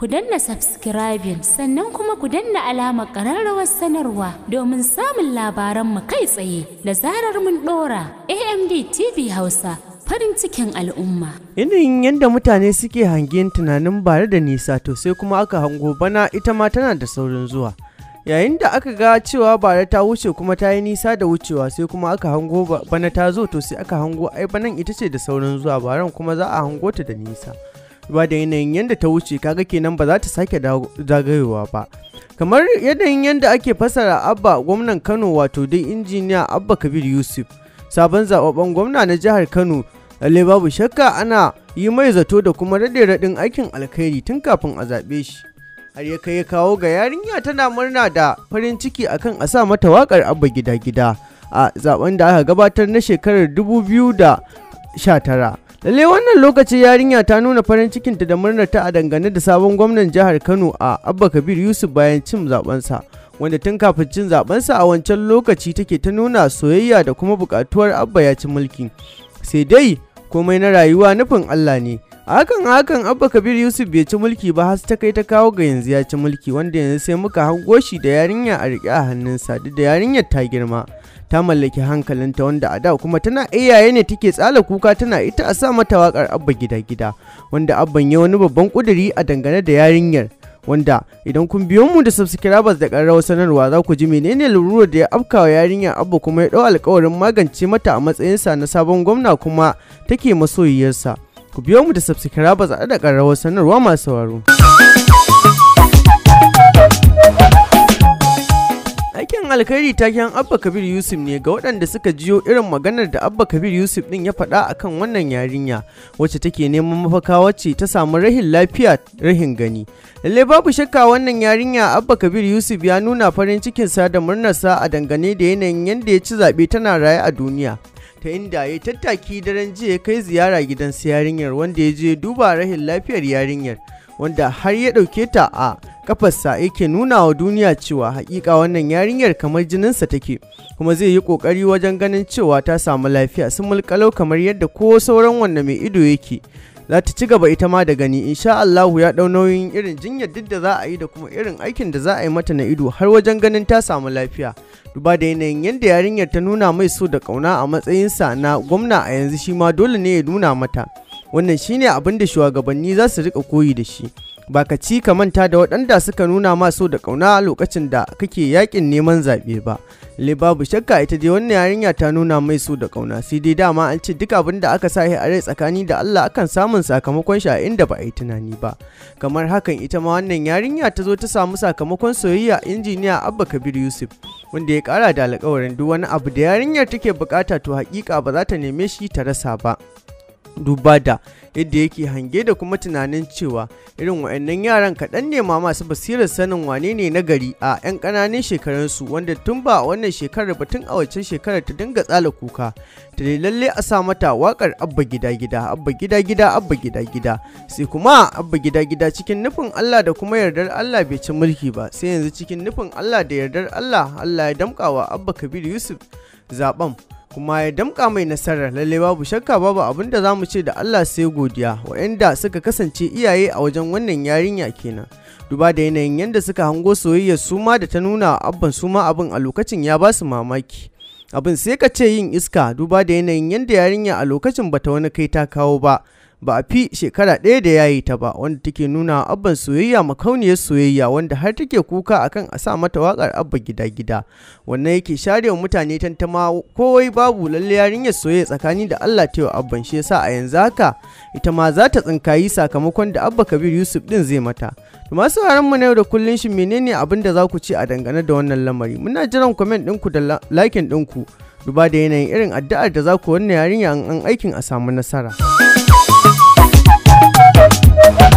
ku danna subscribing sannan kuma ku danna alamar ƙararrawar sanarwa domin samun labaran mu kai tsaye da zarar mun ɗora amd tv hausa farin cikin al'umma. Inin yadda mutane suke hangen tunanin bare da nisa to sai kuma aka hango bana ita ma tana da saurin zuwa. Yayin da aka ga cewa bare ta wuce kuma ta yi nisa da wucewa sai kuma aka hango bana ta zo to sai aka hango ai banan ita ce da saurin zuwa baran kuma za a hango ta da nisa. ba da yanayin yadda ta wuce kaga kenan ba za ta sake zagayowa ba kamar yanayin yadda ake fasara abba gwamnan kano wato dai injiniya abba kabir yusuf sabon zababben gwamna na jihar kano lalle babu shakka ana yi mai zato da kuma rade radin aikin alkhairi tun kafin a zaɓe shi har ya kai ya kawo ga yarinya tana murna da farin ciki akan a sa mata wakar abba gida gida a zaben da aka gabatar na shekarar 2019 lalle wannan lokaci yarinya ta nuna farin cikinta da murnar ta a dangane da sabon gwamnan jihar kano a abba kabir yusuf bayan cin zabensa wanda tun kafin cin zabensa a wancan lokaci take ta nuna soyayya da kuma bukatuwar abba ya ci mulki sai dai komai na rayuwa nufin allah ne a hakan hakan abba kabir yusuf bai ci mulki ba har ta kai ta kawo ga yanzu ya ci mulki wanda yanzu sai muka hango shi da yarinya a riƙe a hannunsa duk da yarinyar ta girma ta mallaki hankalinta wanda a da kuma tana iyaye ne take tsala kuka tana ita a sa mata wakar abba gida gida wanda abban ya wani babban ƙuduri a dangane da yarinyar wanda idan kun biyo mu da subscribers da ƙararrawar sanarwa za ku ji menene lalurar da ya afkawa yarinyar Abba kuma ya dau alkawarin magance mata a matsayinsa na sabon gwamna kuma take masoyiyarsa ku biyo mu da za a da ƙararrawar sanarwa masu sauraro. Aikin alkhairi taken Abba Kabir Yusuf ne ga waɗanda suka jiyo irin maganar da Abba Kabir Yusuf ɗin ya faɗa akan wannan yarinya wacce take neman mafaka wacce ta samu rahin lafiya rahin gani. Lallai babu shakka wannan yarinya Abba Kabir Yusuf ya nuna farin cikinsa da murnarsa a dangane da yanayin yadda ya ci zaɓe tana raye a duniya. ta inda ya tattaki daren jiya kai ziyara gidan su yarinyar wanda ya je duba rahin lafiyar yarinyar wanda har ya ɗauke ta a kafarsa yake nuna wa duniya cewa hakika wannan yarinyar kamar jininsa take kuma zai yi kokari wajen ganin cewa ta samu lafiya sun mulkalau kamar yadda ko sauran wanda mai ido yake za ta ci gaba ita ma da gani insha Allahu ya dau nauyin irin jinyar duk da za a yi da kuma irin aikin da za a yi mata na ido har wajen ganin ta samu lafiya duba da yanayin yadda yarinyar ta nuna mai so da kauna a matsayinsa na gwamna a yanzu shi ma dole ne ya nuna mata wannan shine abin da shugabanni za su rika koyi da shi ba ka ci ka manta da waɗanda suka nuna ma so da ƙauna lokacin da kake yakin neman zaɓe ba le babu shakka ita dai wannan yarinya ta nuna mai so da ƙauna sai dai dama an ce duk abin da aka sa a rai tsakani da Allah akan samun sakamakon shi a inda ba a yi tunani ba kamar hakan ita ma wannan yarinya ta zo ta samu sakamakon soyayya injiniya Abba Kabir Yusuf wanda ya kara da alƙawarin duk wani abu da yarinyar take bukata to hakika ba za ta neme shi ta rasa ba duba da yadda yake hange da kuma tunanin cewa irin wa'annan yaran kaɗan ne ma masu basirar sanin wane ne na gari a 'yan ƙananan shekarunsu wanda tun ba wannan shekarar ba tun a waccan shekarar ta dinga tsala kuka ta dai lalle a sa mata waƙar abba gida gida abba gida gida abba gida gida sai kuma abba gida gida cikin nufin Allah da kuma yardar Allah bai ci mulki ba sai yanzu cikin nufin Allah da yardar Allah Allah ya damƙawa abba Kabiru Yusuf zaben kuma ya damƙa mai nasarar lalle babu shakka babu abin da za mu ce da Allah sai godiya waɗanda suka kasance iyaye a wajen wannan yarinya kenan duba da yanayin yadda suka hango soyayya su ma da ta nuna abban su ma abin a lokacin ya ba su mamaki abin sai ka ce yin iska duba da yanayin yadda yarinya a lokacin bata wani kai ta kawo ba ba a fi shekara ɗaya da yayi ta ba wanda take nuna abban soyayya makauniyar soyayya wanda har take kuka akan a sa mata waƙar abba gida gida wannan yake share mutane tantama kowai babu lalle yarinyar soyayya tsakani da Allah ta yau abban shi yasa a yanzu haka ita ma za ta tsinkayi sakamakon da abba kabir yusuf din zai mata to masu mu na yau da kullun shi menene abin da za ku ci a dangane da wannan lamari muna jiran comment ɗinku da likin ɗinku duba da yanayin irin addu'ar da za ku wannan yarinya an aikin a samu nasara. Woo-hoo!